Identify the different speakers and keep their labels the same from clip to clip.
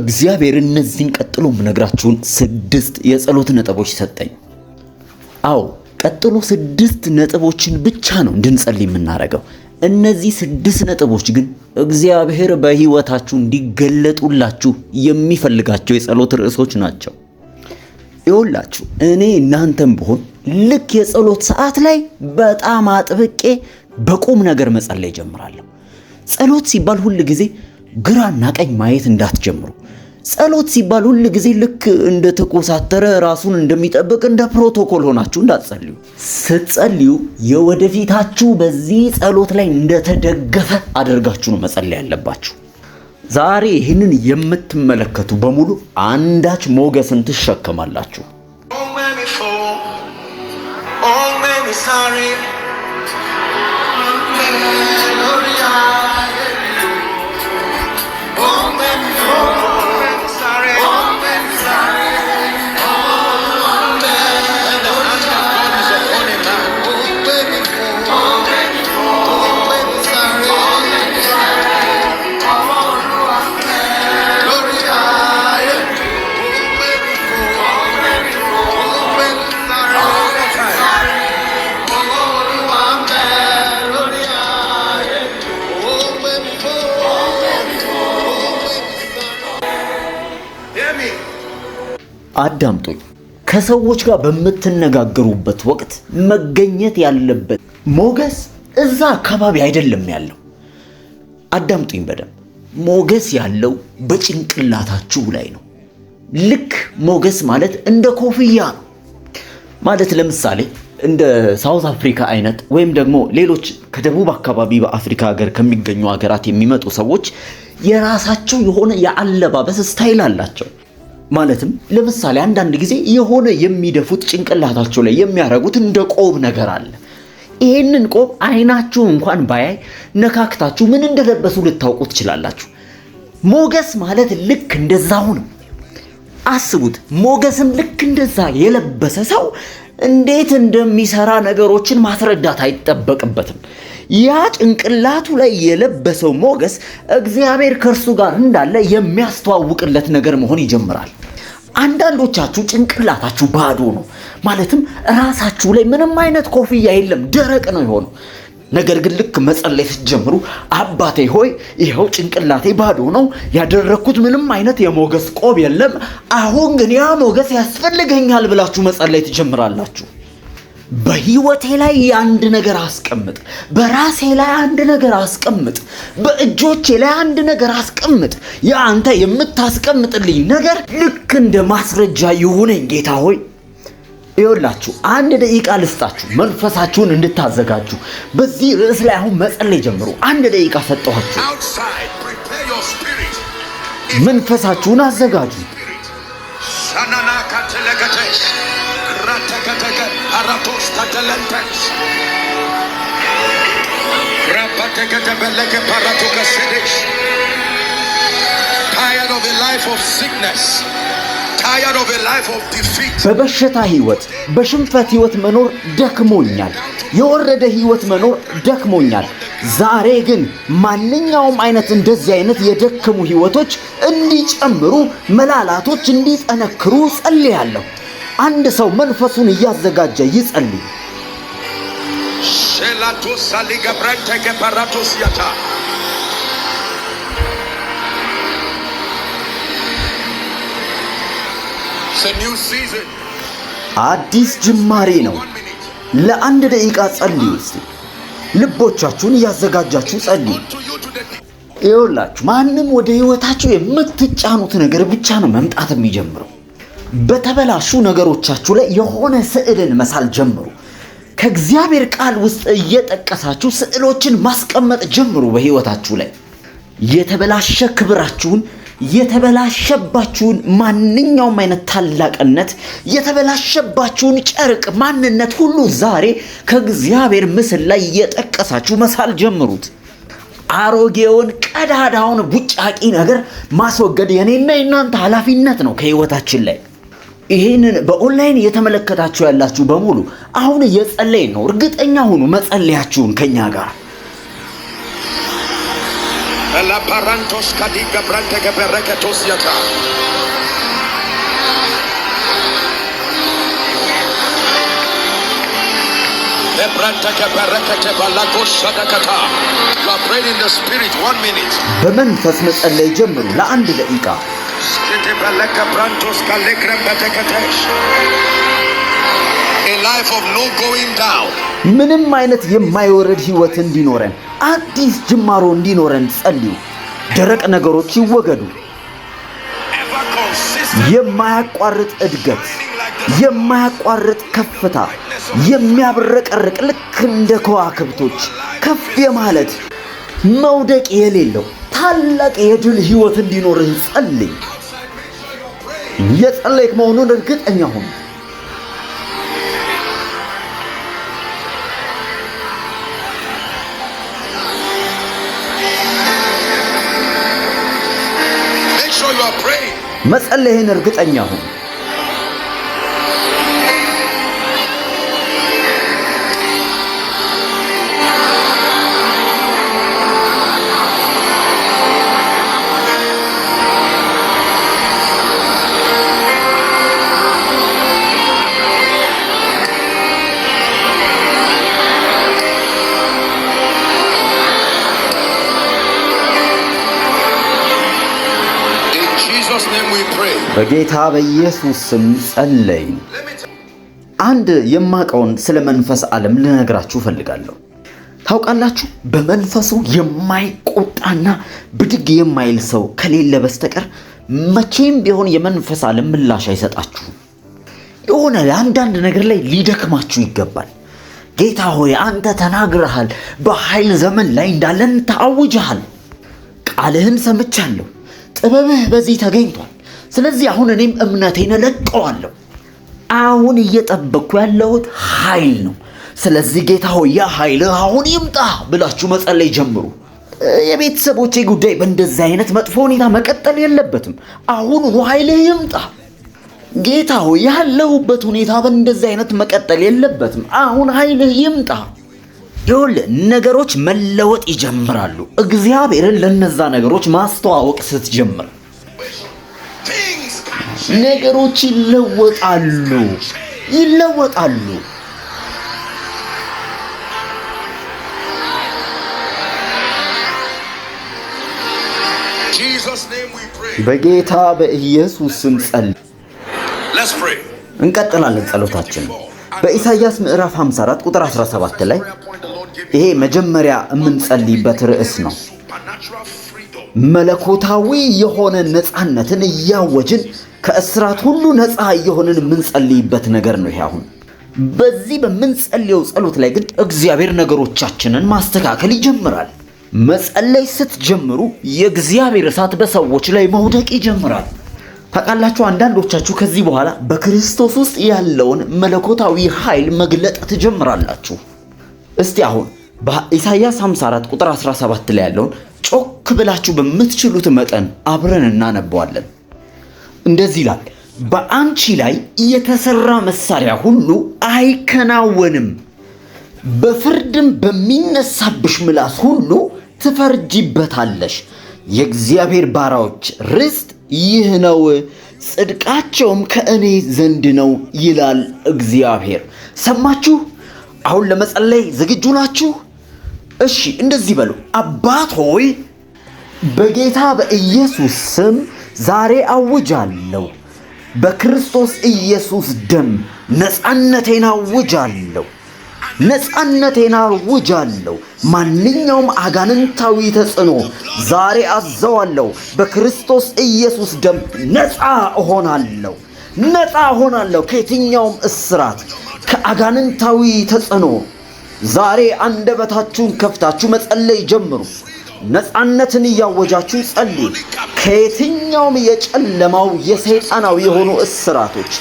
Speaker 1: እግዚአብሔር እነዚህን ቀጥሎ የምነግራችሁን ስድስት የጸሎት ነጥቦች ሰጠኝ። አዎ ቀጥሎ ስድስት ነጥቦችን ብቻ ነው እንድንጸልይ የምናደርገው። እነዚህ ስድስት ነጥቦች ግን እግዚአብሔር በሕይወታችሁ እንዲገለጡላችሁ የሚፈልጋቸው የጸሎት ርዕሶች ናቸው። ይኸውላችሁ እኔ እናንተም ብሆን ልክ የጸሎት ሰዓት ላይ በጣም አጥብቄ በቁም ነገር መጸለይ ጀምራለሁ። ጸሎት ሲባል ሁል ጊዜ ግራና ቀኝ ማየት እንዳትጀምሩ። ጸሎት ሲባል ሁል ጊዜ ልክ እንደ ተኮሳተረ ራሱን እንደሚጠብቅ እንደ ፕሮቶኮል ሆናችሁ እንዳትጸልዩ። ስትጸልዩ የወደፊታችሁ በዚህ ጸሎት ላይ እንደተደገፈ አድርጋችሁ ነው መጸለይ ያለባችሁ። ዛሬ ይህንን የምትመለከቱ በሙሉ አንዳች ሞገስን ትሸከማላችሁ። oh, Gloria a Dios, አዳምጡኝ። ከሰዎች ጋር በምትነጋገሩበት ወቅት መገኘት ያለበት ሞገስ እዛ አካባቢ አይደለም ያለው። አዳምጡኝ በደንብ። ሞገስ ያለው በጭንቅላታችሁ ላይ ነው። ልክ ሞገስ ማለት እንደ ኮፍያ ነው ማለት ለምሳሌ እንደ ሳውዝ አፍሪካ አይነት ወይም ደግሞ ሌሎች ከደቡብ አካባቢ በአፍሪካ ሀገር ከሚገኙ ሀገራት የሚመጡ ሰዎች የራሳቸው የሆነ የአለባበስ ስታይል አላቸው። ማለትም ለምሳሌ አንዳንድ ጊዜ የሆነ የሚደፉት ጭንቅላታቸው ላይ የሚያደርጉት እንደ ቆብ ነገር አለ። ይህንን ቆብ አይናችሁ እንኳን ባያይ ነካክታችሁ ምን እንደለበሱ ልታውቁ ትችላላችሁ። ሞገስ ማለት ልክ እንደዛው ነው። አስቡት፣ ሞገስም ልክ እንደዛ የለበሰ ሰው እንዴት እንደሚሰራ ነገሮችን ማስረዳት አይጠበቅበትም። ያ ጭንቅላቱ ላይ የለበሰው ሞገስ እግዚአብሔር ከእርሱ ጋር እንዳለ የሚያስተዋውቅለት ነገር መሆን ይጀምራል። አንዳንዶቻችሁ ጭንቅላታችሁ ባዶ ነው፣ ማለትም ራሳችሁ ላይ ምንም አይነት ኮፍያ የለም፣ ደረቅ ነው የሆነው። ነገር ግን ልክ መጸለይ ስትጀምሩ አባቴ ሆይ ይኸው ጭንቅላቴ ባዶ ነው፣ ያደረግኩት ምንም አይነት የሞገስ ቆብ የለም፣ አሁን ግን ያ ሞገስ ያስፈልገኛል ብላችሁ መጸለይ ትጀምራላችሁ። በህይወቴ ላይ አንድ ነገር አስቀምጥ፣ በራሴ ላይ አንድ ነገር አስቀምጥ፣ በእጆቼ ላይ አንድ ነገር አስቀምጥ። የአንተ የምታስቀምጥልኝ ነገር ልክ እንደ ማስረጃ ይሁነኝ ጌታ ሆይ። ይወላችሁ አንድ ደቂቃ ልስጣችሁ፣ መንፈሳችሁን እንድታዘጋጁ በዚህ ርዕስ ላይ አሁን መጸለይ ጀምሩ። አንድ ደቂቃ ሰጠኋችሁ። መንፈሳችሁን አዘጋጁ። ራቶስ ተደለንተስ ራባተ ከተበለገ ፓራቶ ከሰደሽ በበሽታ ህይወት በሽንፈት ህይወት መኖር ደክሞኛል። የወረደ ህይወት መኖር ደክሞኛል። ዛሬ ግን ማንኛውም አይነት እንደዚህ አይነት የደከሙ ህይወቶች እንዲጨምሩ፣ መላላቶች እንዲጠነክሩ ጸልያለሁ። አንድ ሰው መንፈሱን እያዘጋጀ ይጸልይ። አዲስ ጅማሬ ነው። ለአንድ ደቂቃ ጸልዩ። ልቦቻችሁን እያዘጋጃችሁ ጸልዩ። ይኸውላችሁ ማንም ወደ ሕይወታችሁ የምትጫኑት ነገር ብቻ ነው መምጣት የሚጀምረው። በተበላሹ ነገሮቻችሁ ላይ የሆነ ስዕልን መሳል ጀምሩ። ከእግዚአብሔር ቃል ውስጥ እየጠቀሳችሁ ስዕሎችን ማስቀመጥ ጀምሩ። በህይወታችሁ ላይ የተበላሸ ክብራችሁን፣ የተበላሸባችሁን ማንኛውም አይነት ታላቅነት፣ የተበላሸባችሁን ጨርቅ ማንነት ሁሉ ዛሬ ከእግዚአብሔር ምስል ላይ እየጠቀሳችሁ መሳል ጀምሩት። አሮጌውን ቀዳዳውን ቡጫቂ ነገር ማስወገድ የኔና የናንተ ኃላፊነት ነው ከህይወታችን ላይ ይህንን በኦንላይን እየተመለከታችሁ ያላችሁ በሙሉ አሁን እየጸለይን ነው። እርግጠኛ ሁኑ መጸለያችሁን ከኛ ጋር ላፓራንቶስ ካዲ ገብራን ተገበረከቶስ የታ በመንፈስ መጸለይ ጀምሩ ለአንድ ደቂቃ ምንም አይነት የማይወረድ ህይወት እንዲኖረን አዲስ ጅማሮ እንዲኖረን ጸልዩ። ደረቅ ነገሮች ይወገዱ። የማያቋርጥ እድገት፣ የማያቋርጥ ከፍታ፣ የሚያብረቀርቅ ልክ እንደ ከዋክብቶች ከፍ የማለት መውደቅ የሌለው ታላቅ የድል ህይወት እንዲኖርህ ጸልይ። እየጸለይክ መሆኑን እርግጠኛ ሁን። መጸለይህን እርግጠኛ ሁን። በጌታ በኢየሱስ ስም ጸለይን። አንድ የማውቀውን ስለ መንፈስ ዓለም ልነግራችሁ ፈልጋለሁ ታውቃላችሁ በመንፈሱ የማይቆጣና ብድግ የማይል ሰው ከሌለ በስተቀር መቼም ቢሆን የመንፈስ ዓለም ምላሽ አይሰጣችሁም። የሆነ ለአንዳንድ ነገር ላይ ሊደክማችሁ ይገባል። ጌታ ሆይ አንተ ተናግረሃል፣ በኃይል ዘመን ላይ እንዳለን ታውጅሃል፣ ቃልህን ሰምቻለሁ፣ ጥበብህ በዚህ ተገኝቷል ስለዚህ አሁን እኔም እምነቴን እለቀዋለሁ። አሁን እየጠበቅኩ ያለሁት ኃይል ነው። ስለዚህ ጌታ ሆይ ያ ኃይልህ አሁን ይምጣ ብላችሁ መጸለይ ጀምሩ። የቤተሰቦቼ ጉዳይ በእንደዚህ አይነት መጥፎ ሁኔታ መቀጠል የለበትም። አሁኑኑ ኃይልህ ይምጣ። ጌታ ሆይ ያለሁበት ሁኔታ በእንደዚህ አይነት መቀጠል የለበትም። አሁን ኃይልህ ይምጣ። ይሁል ነገሮች መለወጥ ይጀምራሉ። እግዚአብሔርን ለነዛ ነገሮች ማስተዋወቅ ስትጀምር ነገሮች ይለወጣሉ ይለወጣሉ። በጌታ በኢየሱስ ስም ጸል እንቀጥላለን ጸሎታችን በኢሳይያስ ምዕራፍ 54 ቁጥር 17 ላይ ይሄ መጀመሪያ የምንጸልይበት ርዕስ ነው። መለኮታዊ የሆነ ነፃነትን እያወጅን ከእስራት ሁሉ ነፃ እየሆንን የምንጸልይበት ነገር ነው ይሄ አሁን። በዚህ በምንጸልየው ጸሎት ላይ ግን እግዚአብሔር ነገሮቻችንን ማስተካከል ይጀምራል። መጸለይ ስትጀምሩ የእግዚአብሔር እሳት በሰዎች ላይ መውደቅ ይጀምራል። ታውቃላችሁ፣ አንዳንዶቻችሁ ከዚህ በኋላ በክርስቶስ ውስጥ ያለውን መለኮታዊ ኃይል መግለጥ ትጀምራላችሁ። እስቲ አሁን በኢሳይያስ 54 ቁጥር 17 ላይ ያለውን ጮክ ብላችሁ በምትችሉት መጠን አብረን እናነበዋለን። እንደዚህ ይላል፣ በአንቺ ላይ የተሰራ መሳሪያ ሁሉ አይከናወንም፣ በፍርድም በሚነሳብሽ ምላስ ሁሉ ትፈርጂበታለሽ። የእግዚአብሔር ባሪያዎች ርስት ይህ ነው፣ ጽድቃቸውም ከእኔ ዘንድ ነው ይላል እግዚአብሔር። ሰማችሁ? አሁን ለመጸለይ ዝግጁ ናችሁ? እሺ እንደዚህ በሉ። አባት ሆይ በጌታ በኢየሱስ ስም ዛሬ አውጃለሁ። በክርስቶስ ኢየሱስ ደም ነፃነቴን አውጃለሁ። ነፃነቴን አውጃለሁ። ማንኛውም አጋንንታዊ ተጽዕኖ ዛሬ አዘዋለሁ። በክርስቶስ ኢየሱስ ደም ነፃ እሆናለሁ። ነፃ እሆናለሁ ከየትኛውም እስራት፣ ከአጋንንታዊ ተጽዕኖ ዛሬ አንደበታችሁን ከፍታችሁ መጸለይ ጀምሩ። ነፃነትን እያወጃችሁ ጸልዩ። ከየትኛውም የጨለማው የሰይጣናዊ የሆኑ እስራቶች፣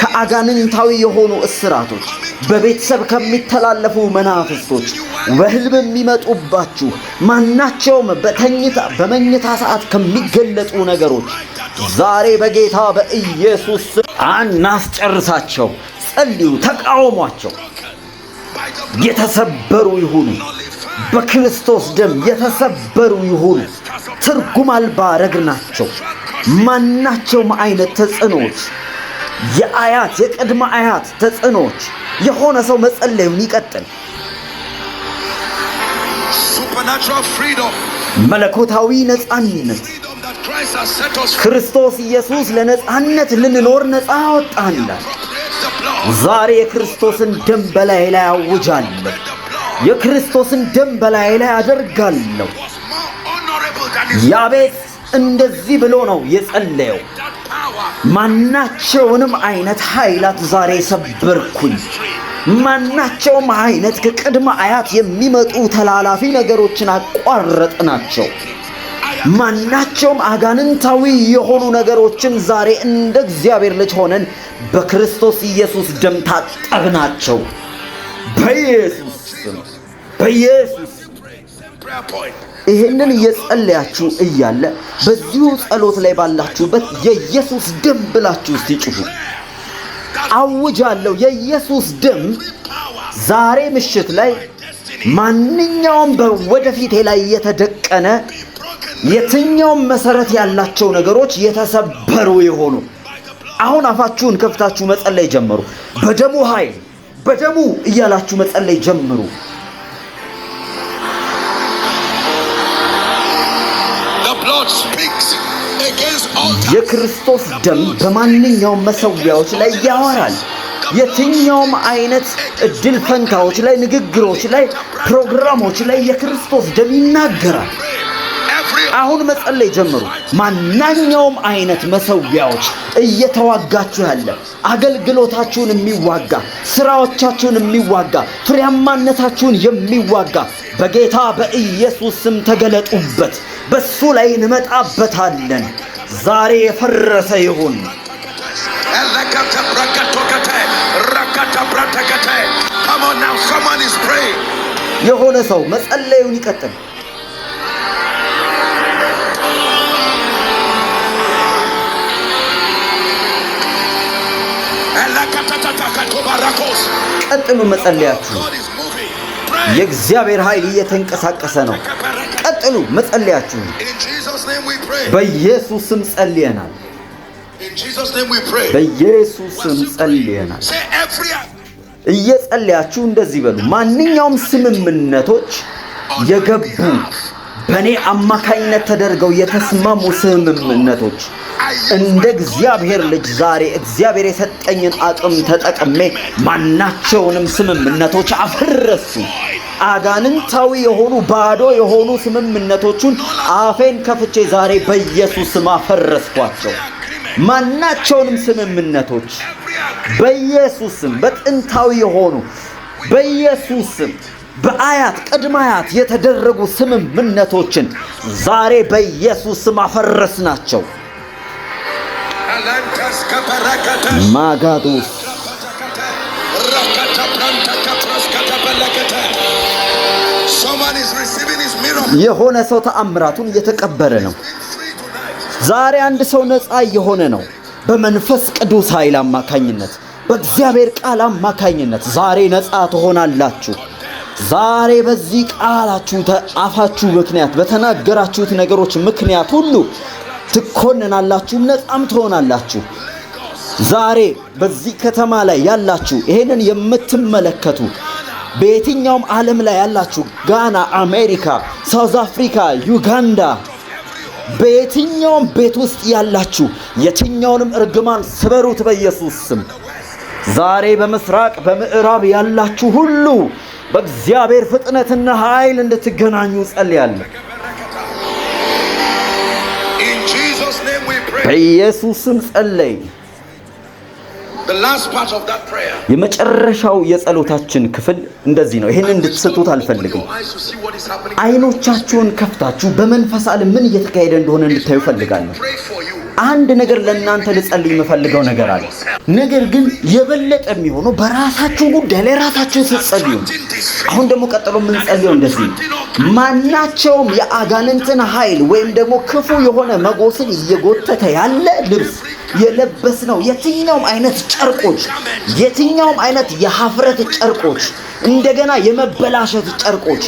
Speaker 1: ከአጋንንታዊ የሆኑ እስራቶች፣ በቤተሰብ ከሚተላለፉ መናፍስቶች፣ በህልም የሚመጡባችሁ ማናቸውም በተኝታ በመኝታ ሰዓት ከሚገለጡ ነገሮች ዛሬ በጌታ በኢየሱስ አናስጨርሳቸው። ጸልዩ፣ ተቃውሟቸው። የተሰበሩ ይሁኑ። በክርስቶስ ደም የተሰበሩ ይሁኑ። ትርጉም አልባ ናቸው። ማናቸውም አይነት ተጽዕኖዎች፣ የአያት የቅድመ አያት ተጽዕኖዎች የሆነ ሰው መጸለዩን ይቀጥል። መለኮታዊ ነፃነት ክርስቶስ ኢየሱስ ለነፃነት ልንኖር ነፃ አወጣናል። ዛሬ የክርስቶስን ደም በላይ ላይ አውጃለሁ። የክርስቶስን ደም በላይ ላይ አደርጋለሁ። ያቤት እንደዚህ ብሎ ነው የጸለየው። ማናቸውንም አይነት ኃይላት ዛሬ ሰበርኩኝ። ማናቸውም አይነት ከቅድመ አያት የሚመጡ ተላላፊ ነገሮችን አቋረጥናቸው። ማናቸውም አጋንንታዊ የሆኑ ነገሮችን ዛሬ እንደ እግዚአብሔር ልጅ ሆነን በክርስቶስ ኢየሱስ ደም ታጠብናቸው። በኢየሱስ በኢየሱስ ይህንን እየጸለያችሁ እያለ በዚሁ ጸሎት ላይ ባላችሁበት የኢየሱስ ደም ብላችሁ ሲጩፉ አውጃለሁ። የኢየሱስ ደም ዛሬ ምሽት ላይ ማንኛውም በወደፊቴ ላይ የተደቀነ የትኛውም መሰረት ያላቸው ነገሮች የተሰበሩ የሆኑ አሁን አፋችሁን ከፍታችሁ መጸለይ ጀምሩ በደሙ ኃይል በደሙ እያላችሁ መጸለይ ጀምሩ። የክርስቶስ ደም በማንኛውም መሰዊያዎች ላይ ያወራል። የትኛውም አይነት እድል ፈንታዎች ላይ፣ ንግግሮች ላይ፣ ፕሮግራሞች ላይ የክርስቶስ ደም ይናገራል። አሁን መጸለይ ጀምሩ። ማናኛውም አይነት መሰዊያዎች እየተዋጋችሁ ያለ አገልግሎታችሁን የሚዋጋ ስራዎቻችሁን የሚዋጋ ፍሬያማነታችሁን የሚዋጋ በጌታ በኢየሱስ ስም ተገለጡበት። በሱ ላይ እንመጣበታለን። ዛሬ የፈረሰ ይሁን። የሆነ ሰው መጸለዩን ይቀጥል። ቀጥሉ መጸለያችሁ። የእግዚአብሔር ኃይል እየተንቀሳቀሰ ነው። ቀጥሉ መጸለያችሁ። በኢየሱስ ስም ጸልየናል። በኢየሱስ ስም ጸልየናል። እየጸለያችሁ እንደዚህ በሉ። ማንኛውም ስምምነቶች የገቡ በእኔ አማካኝነት ተደርገው የተስማሙ ስምምነቶች እንደ እግዚአብሔር ልጅ ዛሬ እግዚአብሔር የሰጠኝን አቅም ተጠቅሜ ማናቸውንም ስምምነቶች አፈረሱ አጋንንታዊ የሆኑ ባዶ የሆኑ ስምምነቶቹን አፌን ከፍቼ ዛሬ በኢየሱስ ስም አፈረስኳቸው። ማናቸውንም ስምምነቶች በኢየሱስም በጥንታዊ የሆኑ በኢየሱስም በአያት ቅድመ አያት የተደረጉ ስምምነቶችን ዛሬ በኢየሱስ ስም አፈረስናቸው። ማጋጡ የሆነ ሰው ተአምራቱን እየተቀበለ ነው። ዛሬ አንድ ሰው ነፃ እየሆነ ነው። በመንፈስ ቅዱስ ኃይል አማካኝነት፣ በእግዚአብሔር ቃል አማካኝነት ዛሬ ነፃ ትሆናላችሁ። ዛሬ በዚህ ቃላችሁ አፋችሁ ምክንያት በተናገራችሁት ነገሮች ምክንያት ሁሉ ትኮንናላችሁ፣ ነጻም ትሆናላችሁ። ዛሬ በዚህ ከተማ ላይ ያላችሁ ይሄንን የምትመለከቱ በየትኛውም ዓለም ላይ ያላችሁ ጋና፣ አሜሪካ፣ ሳውዝ አፍሪካ፣ ዩጋንዳ በየትኛውም ቤት ውስጥ ያላችሁ የትኛውንም እርግማን ስበሩት በኢየሱስ ስም። ዛሬ በምስራቅ በምዕራብ ያላችሁ ሁሉ በእግዚአብሔር ፍጥነትና ኃይል እንድትገናኙ ጸልያለሁ። ኢየሱስም ጸለይ። የመጨረሻው የጸሎታችን ክፍል እንደዚህ ነው። ይህን እንድትሰጡት አልፈልግም። አይኖቻችሁን ከፍታችሁ በመንፈስ ዓለም ምን እየተካሄደ እንደሆነ እንድታዩ ፈልጋለሁ። አንድ ነገር ለእናንተ ልጸልይ የምፈልገው ነገር አለ። ነገር ግን የበለጠ የሚሆነው በራሳችሁ ጉዳይ ላይ ራሳችሁን ስትጸልዩ። አሁን ደግሞ ቀጥሎ የምንጸልየው እንደዚህ ማናቸውም የአጋንንትን ኃይል ወይም ደግሞ ክፉ የሆነ መጎስን እየጎተተ ያለ ልብስ የለበስነው የትኛውም አይነት ጨርቆች፣ የትኛውም አይነት የሀፍረት ጨርቆች፣ እንደገና የመበላሸት ጨርቆች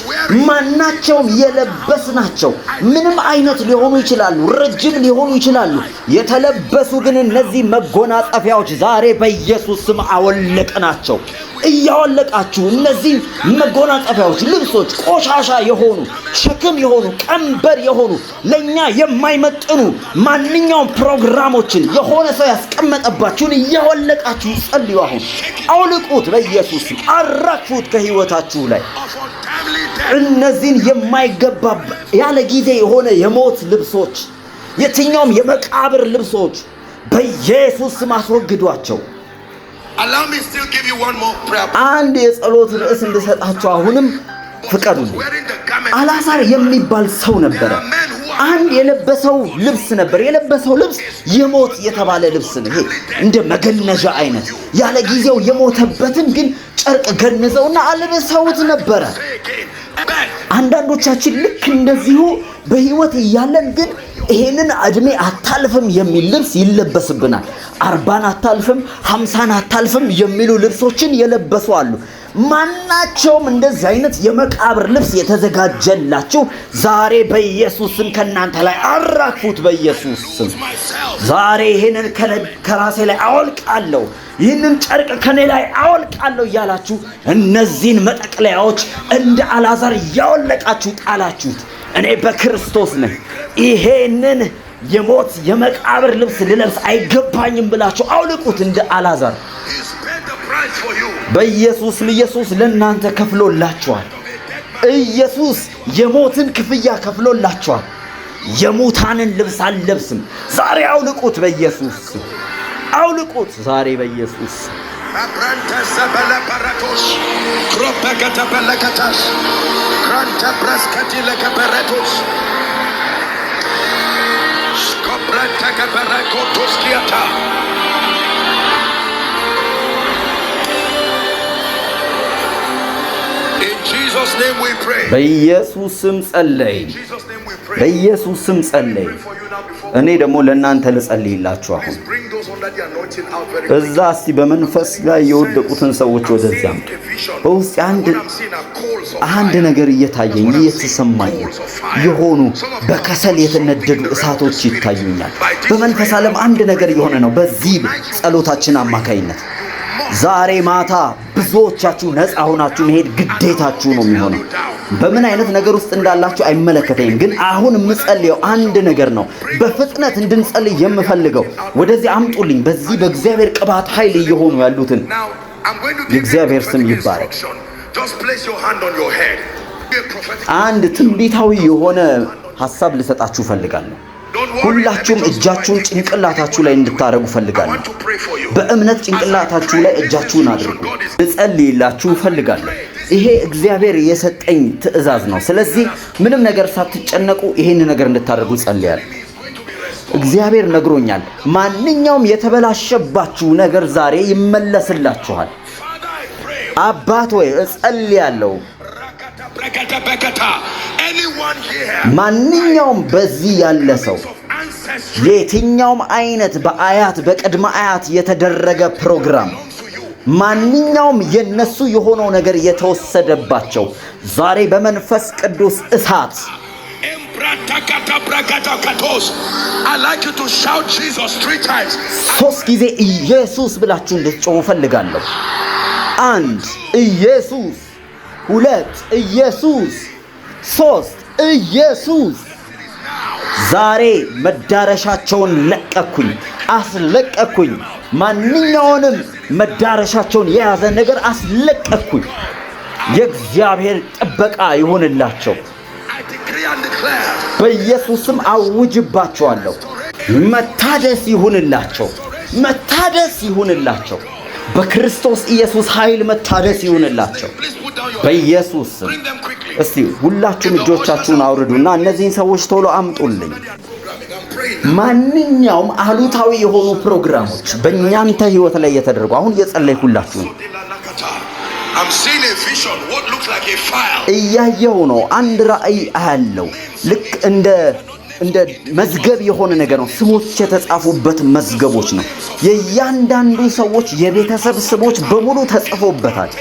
Speaker 1: ማናቸውም የለበስናቸው ምንም አይነት ሊሆኑ ይችላሉ፣ ረጅም ሊሆኑ ይችላሉ። የተለበሱ ግን እነዚህ መጎናጸፊያዎች ዛሬ በኢየሱስ ስም አወለቅናቸው። እያወለቃችሁ እነዚህ መጎናጸፊያዎች፣ ልብሶች ቆሻሻ የሆኑ ሸክም የሆኑ ቀንበር የሆኑ ለእኛ የማይመጥኑ ማንኛውም ፕሮግራሞችን የሆኑ የሆነ ሰው ያስቀመጠባችሁን እያወለቃችሁ ጸልዩ። አሁን አውልቁት በኢየሱስ አራግፉት ከህይወታችሁ ላይ እነዚህን የማይገባ ያለ ጊዜ የሆነ የሞት ልብሶች፣ የትኛውም የመቃብር ልብሶች በኢየሱስ ስም አስወግዷቸው። አንድ የጸሎት ርዕስ እንድሰጣቸው አሁንም ፍቀዱ። አላዛር የሚባል ሰው ነበረ። አንድ የለበሰው ልብስ ነበር። የለበሰው ልብስ የሞት የተባለ ልብስ ነው። ይሄ እንደ መገነዣ አይነት ያለ ጊዜው የሞተበትን ግን ጨርቅ ገንዘውና አልብሰውት ነበረ። አንዳንዶቻችን ልክ እንደዚሁ በህይወት እያለን ግን ይሄንን እድሜ አታልፍም የሚል ልብስ ይለበስብናል። አርባን አታልፍም፣ ሀምሳን አታልፍም የሚሉ ልብሶችን የለበሱ አሉ። ማናቸውም እንደዚህ አይነት የመቃብር ልብስ የተዘጋጀላችሁ ዛሬ በኢየሱስ ስም ከእናንተ ላይ አራግፉት። በኢየሱስ ስም ዛሬ ይህንን ከራሴ ላይ አወልቃለሁ፣ ይህንን ጨርቅ ከኔ ላይ አወልቃለሁ እያላችሁ እነዚህን መጠቅለያዎች እንደ አላዛር እያወለቃችሁ ጣላችሁት። እኔ በክርስቶስ ነኝ ይሄንን የሞት የመቃብር ልብስ ልለብስ አይገባኝም ብላችሁ አውልቁት እንደ አላዛር። በኢየሱስም ኢየሱስ ለእናንተ ከፍሎላችኋል። ኢየሱስ የሞትን ክፍያ ከፍሎላችኋል። የሙታንን ልብስ አልለብስም። ዛሬ አውልቁት በኢየሱስ አውልቁት ዛሬ በኢየሱስ ለከበረቶስ ከበረኮቶስ ኪያታ በኢየሱስ ስም ጸለይ። በኢየሱስ ስም ጸለይ። እኔ ደግሞ ለእናንተ ልጸልይላችሁ። አሁን እዛ እስቲ በመንፈስ ላይ የወደቁትን ሰዎች ወደዚያም በውስጥ አንድ ነገር እየታየኝ እየተሰማኝ የሆኑ በከሰል የተነደዱ እሳቶች ይታዩኛል። በመንፈስ ዓለም አንድ ነገር የሆነ ነው። በዚህ ጸሎታችን አማካይነት ዛሬ ማታ ብዙዎቻችሁ ነፃ ሆናችሁ መሄድ ግዴታችሁ ነው የሚሆነው። በምን አይነት ነገር ውስጥ እንዳላችሁ አይመለከተኝም። ግን አሁን የምጸልየው አንድ ነገር ነው። በፍጥነት እንድንጸልይ የምፈልገው ወደዚህ አምጡልኝ። በዚህ በእግዚአብሔር ቅባት ኃይል እየሆኑ ያሉትን የእግዚአብሔር ስም ይባረክ። አንድ ትንቢታዊ የሆነ ሀሳብ ልሰጣችሁ እፈልጋለሁ። ሁላችሁም እጃችሁን ጭንቅላታችሁ ላይ እንድታደርጉ ፈልጋለሁ። በእምነት ጭንቅላታችሁ ላይ እጃችሁን አድርጉ። ልጸልይላችሁ ፈልጋለሁ። ይሄ እግዚአብሔር የሰጠኝ ትእዛዝ ነው። ስለዚህ ምንም ነገር ሳትጨነቁ ይሄን ነገር እንድታደርጉ ጸልያለሁ። እግዚአብሔር ነግሮኛል። ማንኛውም የተበላሸባችሁ ነገር ዛሬ ይመለስላችኋል። አባት ወይ እጸልያለሁ ማንኛውም በዚህ ያለ ሰው የትኛውም አይነት በአያት በቅድመ አያት የተደረገ ፕሮግራም ማንኛውም የነሱ የሆነው ነገር የተወሰደባቸው ዛሬ በመንፈስ ቅዱስ እሳት ሶስት ጊዜ ኢየሱስ ብላችሁ እንድትጮሁ እፈልጋለሁ። አንድ ኢየሱስ፣ ሁለት ኢየሱስ ሶስት ኢየሱስ ዛሬ መዳረሻቸውን ለቀኩኝ፣ አስለቀኩኝ። ማንኛውንም መዳረሻቸውን የያዘ ነገር አስለቀኩኝ። የእግዚአብሔር ጥበቃ ይሁንላቸው። በኢየሱስም አውጅባቸዋለሁ። መታደስ ይሁንላቸው፣ መታደስ ይሁንላቸው። በክርስቶስ ኢየሱስ ኃይል መታደስ ይሁንላቸው በኢየሱስ እስቲ ሁላችሁም እጆቻችሁን አውርዱና እነዚህን ሰዎች ቶሎ አምጡልኝ። ማንኛውም አሉታዊ የሆኑ ፕሮግራሞች በእናንተ ህይወት ላይ እየተደረጉ አሁን እየጸለይኩላችሁ ነው። እያየው ነው። አንድ ራእይ አያለው። ልክ እንደ እንደ መዝገብ የሆነ ነገር ነው። ስሞች የተጻፉበት መዝገቦች ነው። የእያንዳንዱ ሰዎች የቤተሰብ ስሞች በሙሉ ተጽፎበታል።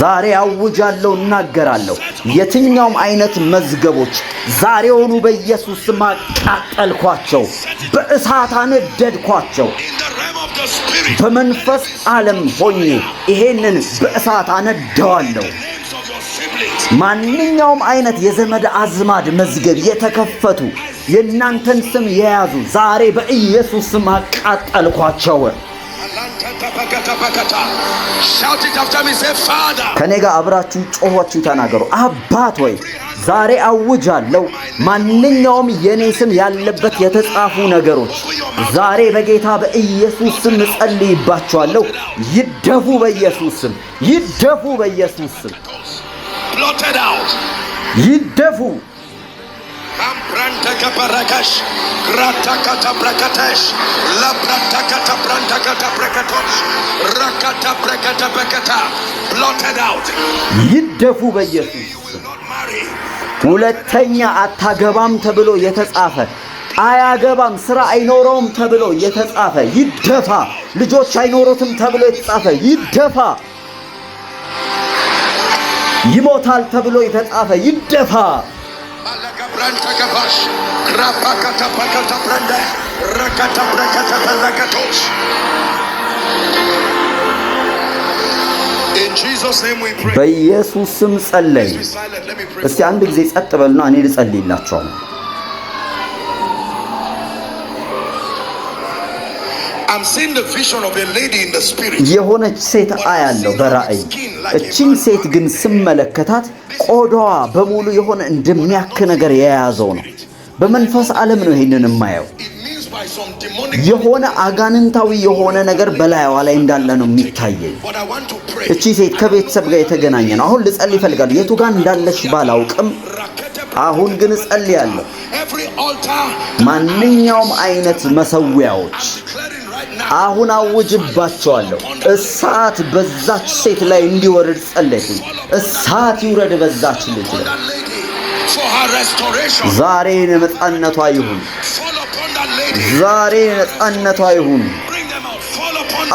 Speaker 1: ዛሬ አውጃለሁ፣ እናገራለሁ። የትኛውም አይነት መዝገቦች ዛሬውኑ በኢየሱስ ስም አቃጠልኳቸው፣ በእሳት አነደድኳቸው። በመንፈስ ዓለም ሆኜ ይሄንን በእሳት አነደዋለሁ። ማንኛውም አይነት የዘመድ አዝማድ መዝገብ የተከፈቱ የእናንተን ስም የያዙ ዛሬ በኢየሱስ ስም አቃጠልኳቸው። ከኔ ጋር አብራችሁ ጮኋችሁ ተናገሩ። አባት ወይ ዛሬ አውጃለሁ፣ ማንኛውም የኔ ስም ያለበት የተጻፉ ነገሮች ዛሬ በጌታ በኢየሱስ ስም እጸልይባችኋለሁ። ይደፉ በኢየሱስ ስም፣ ይደፉ በኢየሱስ ስም፣ ይደፉ አምፕራንተከበረከሽ ይደፉ በኢየሱስ ሁለተኛ አታገባም ተብሎ የተጻፈ አያገባም ስራ አይኖረውም ተብሎ የተጻፈ ይደፋ። ልጆች አይኖሩትም ተብሎ የተጻፈ ይደፋ። ይሞታል ተብሎ የተጻፈ ይደፋ። አለገብረን በኢየሱስ ስም ጸለይ። እስቲ አንድ ጊዜ ጸጥ በልና እኔ ልጸልይላቸዋል። የሆነች ሴት አያለሁ በራእይ። እቺን ሴት ግን ስመለከታት ቆዳዋ በሙሉ የሆነ እንደሚያክ ነገር የያዘው ነው። በመንፈስ ዓለም ነው ይሄንን የማየው። የሆነ አጋንንታዊ የሆነ ነገር በላይዋ ላይ እንዳለ ነው የሚታየኝ። እቺ ሴት ከቤተሰብ ጋር የተገናኘ ነው። አሁን ልጸል ይፈልጋሉ። የቱ ጋር እንዳለች ባላውቅም አሁን ግን እጸልያለሁ። ማንኛውም አይነት መሰዊያዎች አሁን አውጅባቸዋለሁ። እሳት በዛች ሴት ላይ እንዲወርድ ጸለይኩኝ። እሳት ይውረድ በዛች ልጅ ላይ ዛሬ ነፃነቷ ይሁን። ዛሬ ነፃነቷ ይሁን።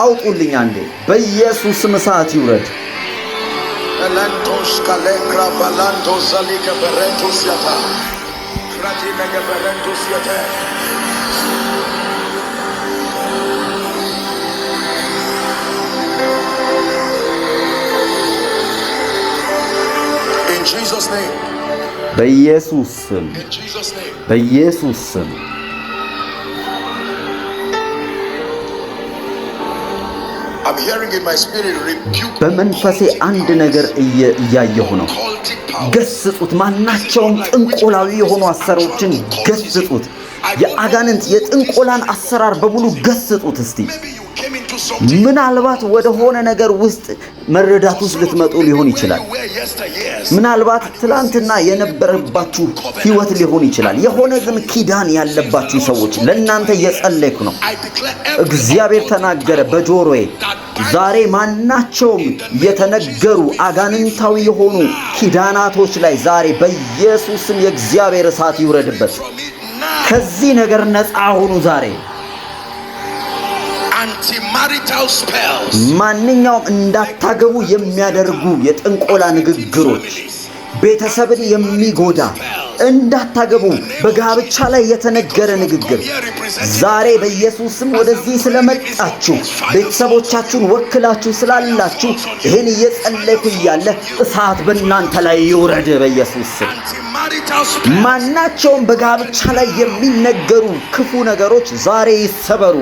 Speaker 1: አውጡልኝ አንዴ። በኢየሱስም እሳት ይውረድ። በኢየሱስ ስም በኢየሱስ ስም በመንፈሴ አንድ ነገር እያየሁ ነው። ገስጹት። ማናቸውም ጥንቆላዊ የሆኑ አሰራሮችን ገስጹት። የአጋንንት የጥንቆላን አሰራር በሙሉ ገስጹት እስቲ ምናልባት ወደ ሆነ ነገር ውስጥ መረዳት ውስጥ ልትመጡ ሊሆን ይችላል። ምናልባት ትላንትና የነበረባችሁ ህይወት ሊሆን ይችላል። የሆነ ግን ኪዳን ያለባችሁ ሰዎች ለእናንተ እየጸለይኩ ነው። እግዚአብሔር ተናገረ በጆሮዬ። ዛሬ ማናቸውም የተነገሩ አጋንንታዊ የሆኑ ኪዳናቶች ላይ ዛሬ በኢየሱስም የእግዚአብሔር እሳት ይውረድበት። ከዚህ ነገር ነፃ ሆኑ ዛሬ ማንኛውም እንዳታገቡ የሚያደርጉ የጥንቆላ ንግግሮች ቤተሰብን የሚጎዳ እንዳታገቡ በጋብቻ ላይ የተነገረ ንግግር ዛሬ በኢየሱስም ወደዚህ ስለመጣችሁ ቤተሰቦቻችሁን ወክላችሁ ስላላችሁ ይህን እየጸለይኩ እያለ እሳት በእናንተ ላይ ይውረድ በኢየሱስ ማናቸውም በጋብቻ ላይ የሚነገሩ ክፉ ነገሮች ዛሬ ይሰበሩ።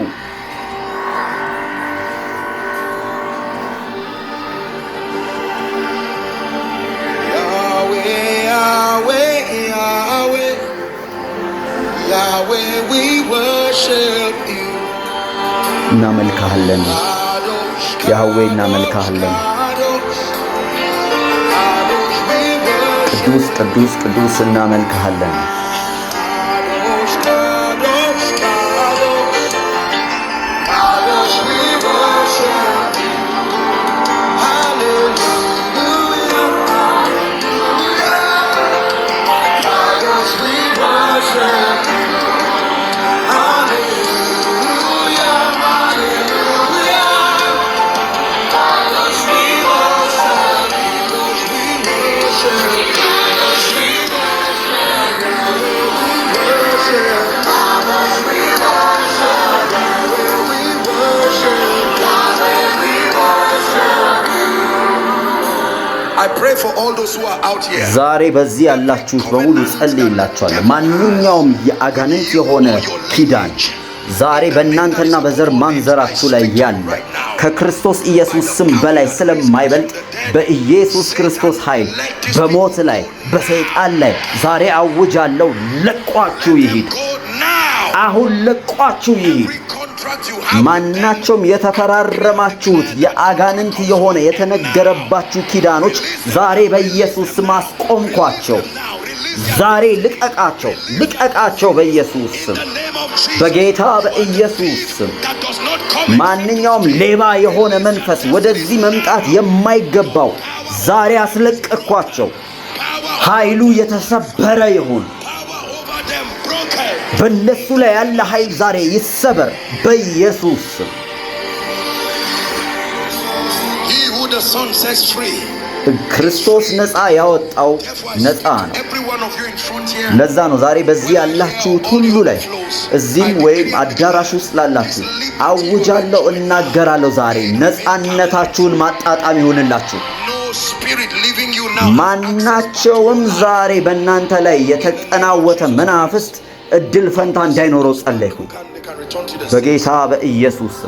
Speaker 1: እናመልካሃለን ያህዌ እናመልካሃለን። ቅዱስ ቅዱስ ቅዱስ እናመልካሃለን። ዛሬ በዚህ ያላችሁት በሙሉ ጸልይላችኋለሁ። ማንኛውም የአጋንንት የሆነ ኪዳን ዛሬ በእናንተና በዘር ማንዘራችሁ ላይ ያለ ከክርስቶስ ኢየሱስ ስም በላይ ስለማይበልጥ በኢየሱስ ክርስቶስ ኃይል በሞት ላይ በሰይጣን ላይ ዛሬ አውጃለሁ። ለቋችሁ ይሂድ! አሁን ለቋችሁ ይሂድ! ማናቸውም የተፈራረማችሁት የአጋንንት የሆነ የተነገረባችሁ ኪዳኖች ዛሬ በኢየሱስ ስም አስቆምኳቸው። ዛሬ ልቀቃቸው፣ ልቀቃቸው በኢየሱስ ስም፣ በጌታ በኢየሱስ ስም። ማንኛውም ሌባ የሆነ መንፈስ ወደዚህ መምጣት የማይገባው ዛሬ አስለቀቅኳቸው። ኃይሉ የተሰበረ ይሁን። በእነሱ ላይ ያለ ኃይል ዛሬ ይሰበር በኢየሱስ ክርስቶስ ነፃ ያወጣው ነፃ ነው። ለዛ ነው ዛሬ በዚህ ያላችሁት ሁሉ ላይ እዚህም ወይም አዳራሽ ውስጥ ላላችሁ አውጃለሁ፣ እናገራለሁ ዛሬ ነፃነታችሁን ማጣጣም ይሆንላችሁ ማናቸውም ዛሬ በእናንተ ላይ የተጠናወተ መናፍስት እድል ፈንታ እንዳይኖረው ጸለይኩ በጌታ በኢየሱስ